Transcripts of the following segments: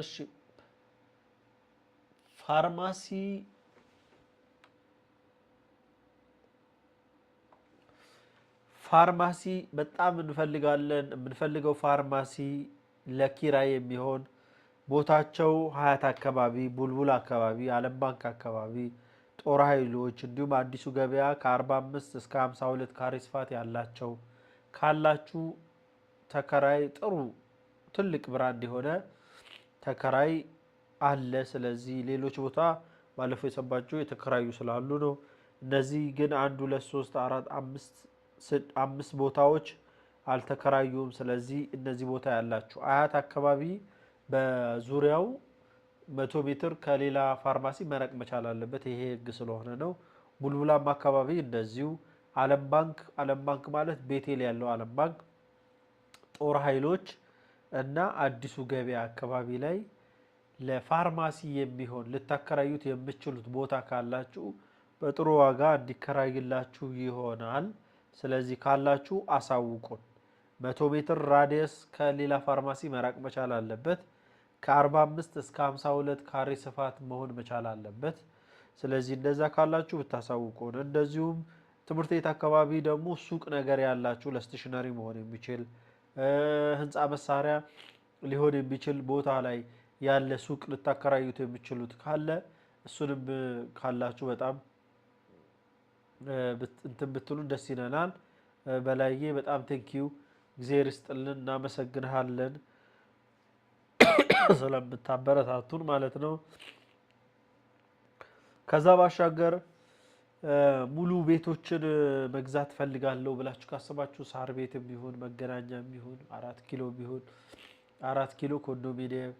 እሺ ፋርማሲ ፋርማሲ በጣም እንፈልጋለን። የምንፈልገው ፋርማሲ ለኪራይ የሚሆን ቦታቸው ሀያት አካባቢ፣ ቡልቡል አካባቢ፣ አለም ባንክ አካባቢ፣ ጦር ኃይሎች እንዲሁም አዲሱ ገበያ ከ45 እስከ 52 ካሬ ስፋት ያላቸው ካላችሁ ተከራይ ጥሩ ትልቅ ብራንድ የሆነ ተከራይ አለ። ስለዚህ ሌሎች ቦታ ባለፈው የሰባቸው የተከራዩ ስላሉ ነው። እነዚህ ግን አንድ ሁለት ሶስት አራት አምስት ቦታዎች አልተከራዩም። ስለዚህ እነዚህ ቦታ ያላችሁ አያት አካባቢ በዙሪያው መቶ ሜትር ከሌላ ፋርማሲ መረቅ መቻል አለበት። ይሄ ህግ ስለሆነ ነው። ቡልቡላም አካባቢ እንደዚሁ አለም ባንክ አለም ባንክ ማለት ቤቴል ያለው አለም ባንክ ጦር ኃይሎች እና አዲሱ ገበያ አካባቢ ላይ ለፋርማሲ የሚሆን ልታከራዩት የምችሉት ቦታ ካላችሁ በጥሩ ዋጋ እንዲከራይላችሁ ይሆናል። ስለዚህ ካላችሁ አሳውቁን። መቶ ሜትር ራዲየስ ከሌላ ፋርማሲ መራቅ መቻል አለበት። ከ45 እስከ 52 ካሬ ስፋት መሆን መቻል አለበት። ስለዚህ እንደዛ ካላችሁ ብታሳውቁን። እንደዚሁም ትምህርት ቤት አካባቢ ደግሞ ሱቅ ነገር ያላችሁ ለስቴሽነሪ መሆን የሚችል ህንፃ መሳሪያ ሊሆን የሚችል ቦታ ላይ ያለ ሱቅ ልታከራዩት የሚችሉት ካለ እሱንም ካላችሁ በጣም እንትን ብትሉ ደስ ይለናል። በላዬ በጣም ቴንኪዩ እግዜር ይስጥልን፣ እናመሰግንሃለን ስለምታበረታቱን ማለት ነው። ከዛ ባሻገር ሙሉ ቤቶችን መግዛት ፈልጋለሁ ብላችሁ ካሰባችሁ ሳር ቤት ቢሆን መገናኛ ቢሆን አራት ኪሎ ቢሆን አራት ኪሎ ኮንዶሚኒየም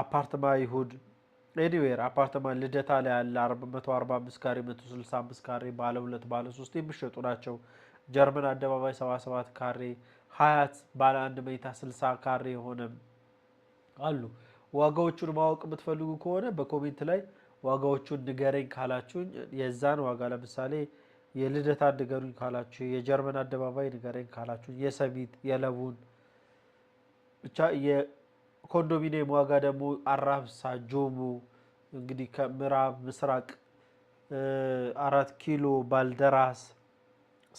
አፓርትማ ይሁን ኤኒዌር አፓርትማ ልደታ ላይ ያለ 145 ካሬ 165 ካሬ ባለ ሁለት ባለ ሶስት የሚሸጡ ናቸው። ጀርመን አደባባይ 77 ካሬ ሀያት ባለ አንድ መኝታ 60 ካሬ የሆነ አሉ። ዋጋዎቹን ማወቅ የምትፈልጉ ከሆነ በኮሜንት ላይ ዋጋዎቹን ንገረኝ ካላችሁ የዛን ዋጋ ለምሳሌ የልደታ ንገሩኝ ካላችሁ፣ የጀርመን አደባባይ ንገረኝ ካላችሁ፣ የሰሚት የለቡን ብቻ የኮንዶሚኒየም ዋጋ ደግሞ አራብሳ ጆሙ እንግዲህ ከምዕራብ ምስራቅ አራት ኪሎ ባልደራስ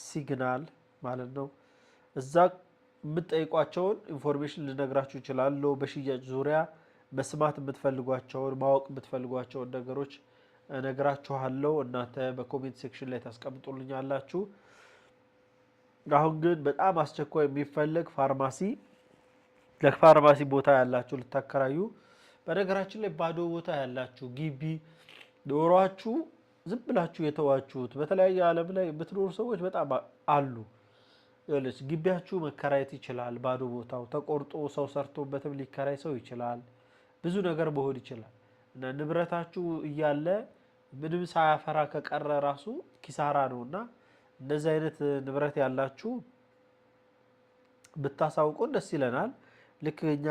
ሲግናል ማለት ነው። እዛ የምጠይቋቸውን ኢንፎርሜሽን ልነግራችሁ እችላለሁ በሽያጭ ዙሪያ መስማት የምትፈልጓቸውን ማወቅ የምትፈልጓቸውን ነገሮች እነግራችኋለሁ። እናንተ በኮሜንት ሴክሽን ላይ ታስቀምጡልኛላችሁ። አሁን ግን በጣም አስቸኳይ የሚፈለግ ፋርማሲ ለፋርማሲ ቦታ ያላችሁ ልታከራዩ፣ በነገራችን ላይ ባዶ ቦታ ያላችሁ ግቢ ኖሯችሁ ዝም ብላችሁ የተዋችሁት በተለያየ ዓለም ላይ የምትኖሩ ሰዎች በጣም አሉ። ግቢያችሁ መከራየት ይችላል። ባዶ ቦታው ተቆርጦ ሰው ሰርቶበትም ሊከራይ ሰው ይችላል። ብዙ ነገር መሆን ይችላል እና ንብረታችሁ እያለ ምንም ሳያፈራ ከቀረ ራሱ ኪሳራ ነው እና እንደዚህ አይነት ንብረት ያላችሁ ብታሳውቁን ደስ ይለናል። ልክ እኛ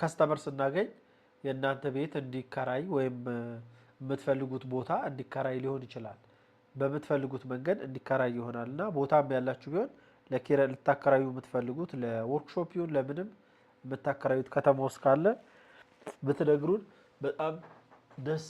ከስተመር ስናገኝ የእናንተ ቤት እንዲከራይ ወይም የምትፈልጉት ቦታ እንዲከራይ ሊሆን ይችላል። በምትፈልጉት መንገድ እንዲከራይ ይሆናል እና ቦታም ያላችሁ ቢሆን ልታከራዩ የምትፈልጉት ለወርክሾፕ ይሁን ለምንም የምታከራዩት ከተማ ውስጥ ካለ ብትነግሩን በጣም ደስ